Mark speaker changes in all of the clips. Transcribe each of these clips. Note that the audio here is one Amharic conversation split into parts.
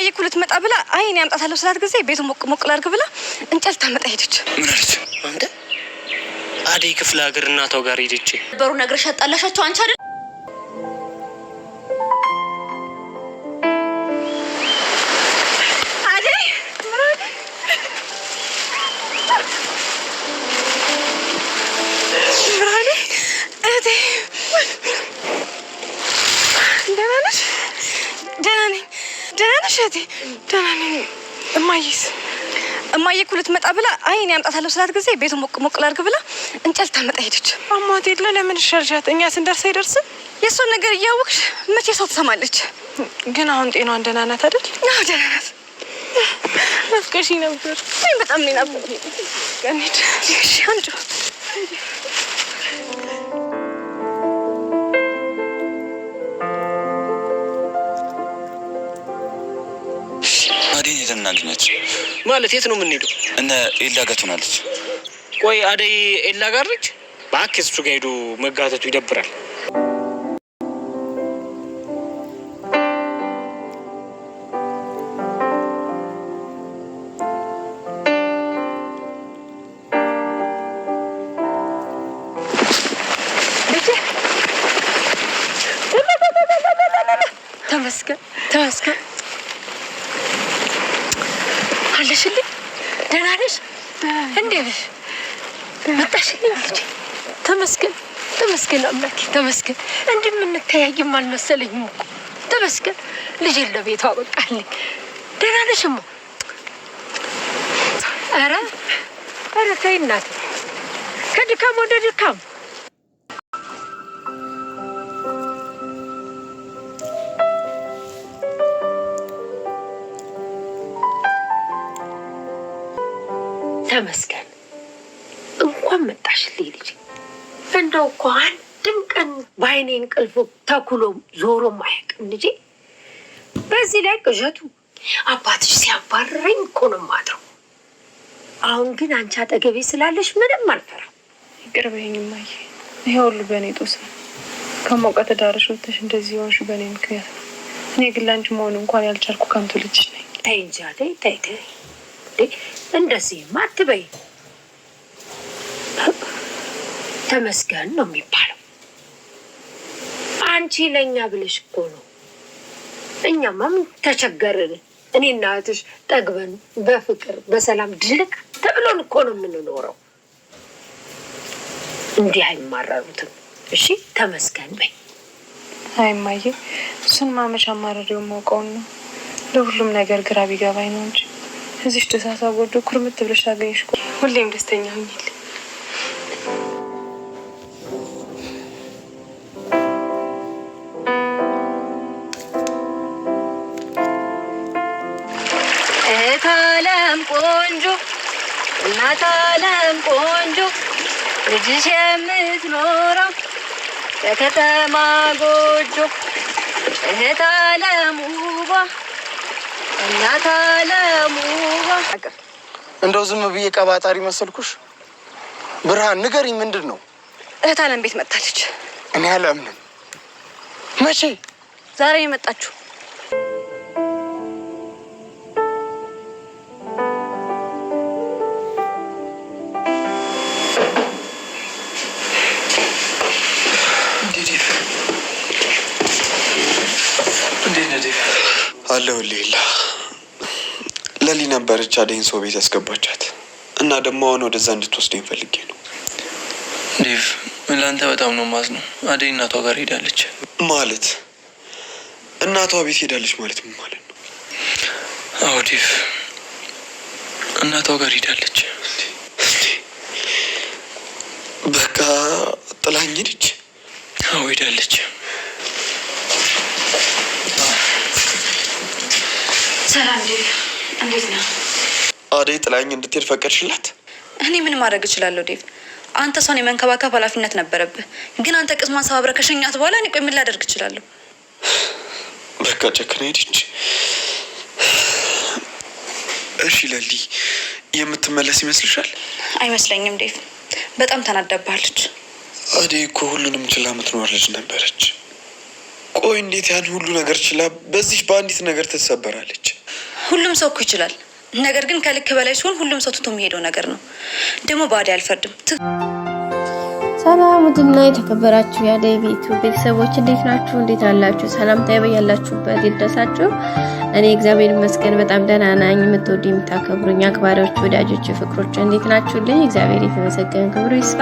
Speaker 1: እማዬ እኮ ልትመጣ ብላ አይ ያምጣታለሁ ስላት ጊዜ ቤቱ ሞቅ ሞቅ ላድርግ ብላ እንጨት ታመጣ ሄደች።
Speaker 2: ምን አለች አንተ? አደይ ክፍለ ሀገር እናቷ ጋር ሄደች።
Speaker 1: በሩ ነግረሽ ያጣላሻቸው አንቺ አይደል? ደህና ነሽ እህቴ? ደህና ነኝ። እማዬስ? እማዬ እኮ ልትመጣ ብላ አይ እኔ አምጣታለሁ ስላት ጊዜ ቤቱ ሞቅ ሞቅ ላድርግ ብላ እንጨት ታመጣ ሄደች።
Speaker 3: አሟት የለ ለምን ሸርሻት? እኛ ስንደርስ አይደርስም።
Speaker 1: የእሷን ነገር እያወቅሽ መቼ ሰው ትሰማለች?
Speaker 3: ግን አሁን ጤናዋን ደህና ናት አይደል? አዎ ደህና ናት። ናፍቀሽኝ ነበር።
Speaker 1: በጣም ነው ናፍቀሽኝ።
Speaker 2: ይዘን እናገኛት።
Speaker 4: ማለት የት ነው የምንሄደው?
Speaker 2: እነ ኤላ ጋር ትሆናለች።
Speaker 4: ቆይ አደይ ኤላ ጋር ነች። በአክ እሱ ጋር ሄዱ መጋተቱ ይደብራል።
Speaker 1: ተመስገን ተመስገን መጣሽልኝ? ደህና ነሽ? እንዴት ነሽ? መጣሽልኝ ልጄ። ተመስገን ተመስገን፣ አምላኬ ተመስገን። እንደምንተያይም አልመሰለኝም እኮ ተመስገን። ልጅ ለቤቷ አበቃልኝ። ደህና ነሽ እማ? ኧረ ኧረ ተይ እናቴ፣ ከድካም ወደ ድካም ተመስገን እንኳን መጣሽልኝ ልጅ። እንደው እኮ አንድም ቀን በአይኔ እንቅልፍ ተኩሎ ዞሮም አያውቅም ልጄ። በዚህ ላይ ቅዠቱ አባትሽ ሲያባረረኝ እኮ ነው የማድረው። አሁን ግን አንቺ አጠገቤ ስላለሽ ምንም አልፈራም።
Speaker 3: ይቅር በይኝ ይሄ ሁሉ በእኔ ጦስ ነው። ከሞቀት ዳርሽ ወጥተሽ እንደዚህ የሆንሽ በእኔ ምክንያት ነው። እኔ ግን ለአንቺ መሆኑ እንኳን ያልቻልኩ ከንቱ ልጅ ነኝ።
Speaker 1: ተይ እንጂ ተይ ተይ እንደዚህ አትበይ። ተመስገን ነው የሚባለው። አንቺ ለእኛ ብለሽ እኮ ነው። እኛማ ምን ተቸገርን? እኔ እና እህትሽ ጠግበን በፍቅር በሰላም ድልቅ ተብሎን እኮ ነው የምንኖረው። እንዲህ አይማረሩትም። እሺ ተመስገን በይ።
Speaker 3: አይማየ እሱን ማመሻ ማረሪው መውቀውን ነው ለሁሉም ነገር ግራ ቢገባኝ ነው እንጂ እዚሽ ደሳሳ ወርዶ ኩርምት ብለሽ አገኝሽ። ሁሌም ደስተኛ ሆኝል።
Speaker 1: እህት ቆንጆ፣ እናታለም ቆንጆ፣ ልጅሽ የምትኖረው በከተማ ጎጆ እህት ውቧ እናት አለሙ
Speaker 4: እንደው ዝም ብዬ ቀባጣሪ መሰልኩሽ? ብርሃን ንገሪኝ፣ ምንድን ነው?
Speaker 1: እህት አለም ቤት መጥታለች።
Speaker 4: እኔ አላምንም። መቼ?
Speaker 1: ዛሬ የመጣችሁ
Speaker 5: አለው ሌላ ለሊ ነበረች አደይን ሰው ቤት ያስገባቻት እና ደግሞ አሁን ወደዛ እንድትወስድ ፈልጌ ነው።
Speaker 2: ዴቭ ለአንተ በጣም ነው ነው። አደይ እናቷ ጋር ሄዳለች
Speaker 5: ማለት እናቷ ቤት ሄዳለች ማለት ምን ማለት ነው?
Speaker 2: አዎ ዴቭ እናቷ ጋር ሄዳለች።
Speaker 5: በቃ ጥላኝ ሄደች።
Speaker 2: አዎ ሄዳለች።
Speaker 1: ሰላም፣ እንዴት ነው?
Speaker 5: አደይ ጥላኝ እንድትሄድ ፈቀድሽላት?
Speaker 1: እኔ ምን ማድረግ እችላለሁ ዴቭ? አንተ ሰውን የመንከባከብ ኃላፊነት ነበረብህ፣ ግን አንተ ቅስሟን ሰባብረህ ከሸኛት በኋላ እኔ ቆይ ምን ላደርግ እችላለሁ?
Speaker 5: በቃ ጨክና ሄደች። እሺ ለሊ የምትመለስ ይመስልሻል?
Speaker 1: አይመስለኝም ዴቭ። በጣም ተናዳባለች።
Speaker 5: አደይ እኮ ሁሉንም ችላ የምትኖር ልጅ ነበረች። ቆይ እንዴት ያን ሁሉ ነገር ችላ በዚህ በአንዲት ነገር ትሰበራለች?
Speaker 1: ሁሉም ሰው እኮ ይችላል። ነገር ግን ከልክ በላይ ሲሆን ሁሉም ሰው ትቶ የሚሄደው ነገር ነው። ደግሞ ባዲ አልፈርድም።
Speaker 6: ሰላም ውድና የተከበራችሁ ያለ ቤቱ ቤተሰቦች እንዴት ናችሁ? እንዴት አላችሁ? ሰላምታ ያበያላችሁበት ይድረሳችሁ። እኔ እግዚአብሔር ይመስገን በጣም ደህና ነኝ። የምትወዱ የምታከብሩኝ አክባሪዎች፣ ወዳጆች፣ ፍቅሮች እንዴት ናችሁልኝ? እግዚአብሔር የተመሰገነ ክብሩ ይስፋ።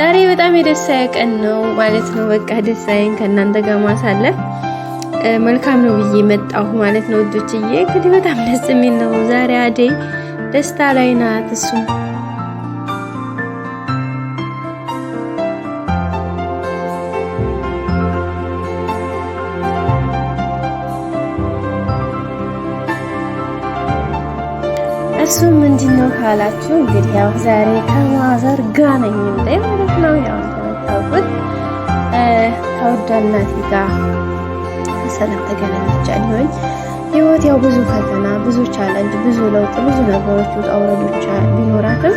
Speaker 6: ዛሬ በጣም የደስታ ቀን ነው ማለት ነው። በቃ ደስታዬን ከእናንተ ጋር ማሳለፍ መልካም ነው ብዬ መጣሁ ማለት ነው እዶችዬ። እንግዲህ በጣም ደስ የሚል ነው። ዛሬ አደይ ደስታ ላይ ናት። እሱም እሱ ምንድን ነው ካላችሁ እንግዲህ ያው ዛሬ ከማዘር ጋ ነኝ እንደ ማለት ነው ያው ታውቁት ከወዳናት ጋር ሰላም ተገናኛችን ሆይ ህይወት ያው ብዙ ፈተና፣ ብዙ ቻለንጅ፣ ብዙ ለውጥ፣ ብዙ ነገሮች ውጣ ውረዶች ቢኖራትም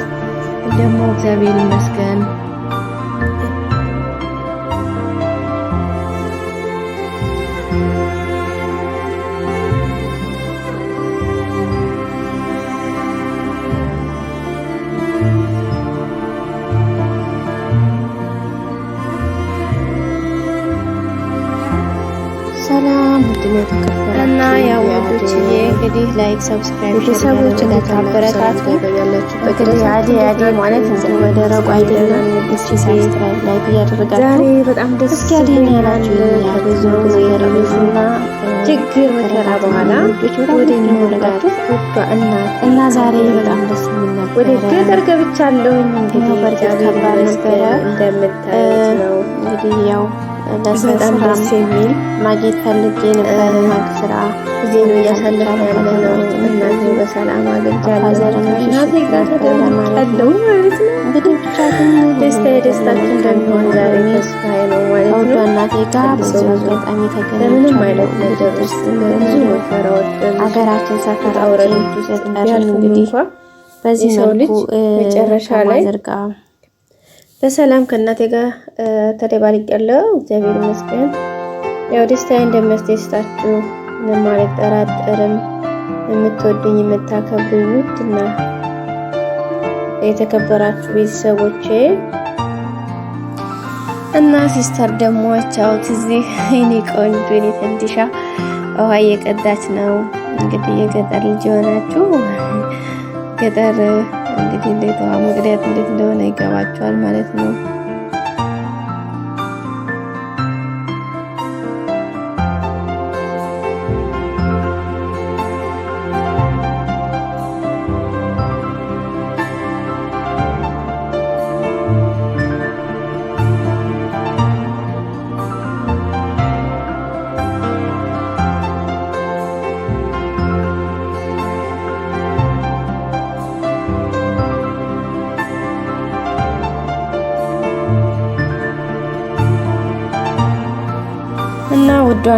Speaker 6: ደግሞ እግዚአብሔር ይመስገን ላይክ፣ ሰብስክራይብ ቤተሰቦች እንድታበረታቱ በተለይ አደይ አደይ ማለት እንትን አይደለም። እስኪ ሰብስክራይብ ላይክ እያደረጋችሁ ዛሬ በጣም ደስ ያላችሁ ብዙ ችግር መከራ በኋላ ወደ እና እና ዛሬ በጣም ደስ ወደ ገጠር ገብቻለሁኝ። እንግዲህ ከባድ ነበረ እንደምታዩት ነው እንግዲህ ያው በጣም ደስ የሚል ማግኘት ፈልጌ ነበር። ማግ ስራ ጊዜ ነው እያሳለፈ ያለ ነው። በሰላም ደስታ እንደሚሆን ዛሬ ነው ማለት ነው። እናቴ ጋር አጋጣሚ ውስጥ ብዙ እንግዲህ በዚህ ሰው ልጅ መጨረሻ ላይ በሰላም ከእናቴ ጋር ተደባልቅ ያለው እግዚአብሔር ይመስገን። ያው ደስታ እንደሚያስደስታችሁ ምንም አልጠራጠርም። የምትወዱኝ የምታከብሩኝ ውድና የተከበራችሁ ቤተሰቦቼ እና ሲስተር ደግሞ ቻውት እዚህ እኔ ቆንጆ እኔ ፈንዲሻ ውሃ እየቀዳች ነው። እንግዲህ የገጠር ልጅ የሆናችሁ ገጠር እንግዲህ እንዴት እንግዲያት እንዴት እንደሆነ ይገባቸዋል ማለት ነው።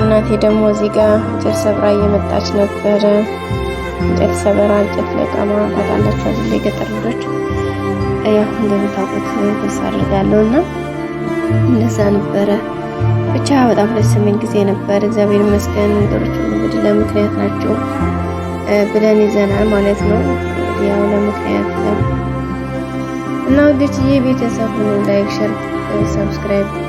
Speaker 6: እናቴ ደግሞ እዚህ ጋር እንጨት ሰብራ እየመጣች ነበረ። እንጨት ሰበራ፣ እንጨት ለቀማ ታውቃላችሁ አይደል? የገጠር ልጆች ያው እንደምታውቁት ደስ አድርጋለሁ እና እንደዛ ነበረ። ብቻ በጣም ደስ የሚል ጊዜ ነበር። እግዚአብሔር ይመስገን። ነገሮች እንግዲህ ለምክንያት ናቸው ብለን ይዘናል ማለት ነው። ያው ለምክንያት እና ወደች ይህ ቤተሰብ ላይክ፣ ሸር፣ ሰብስክራይብ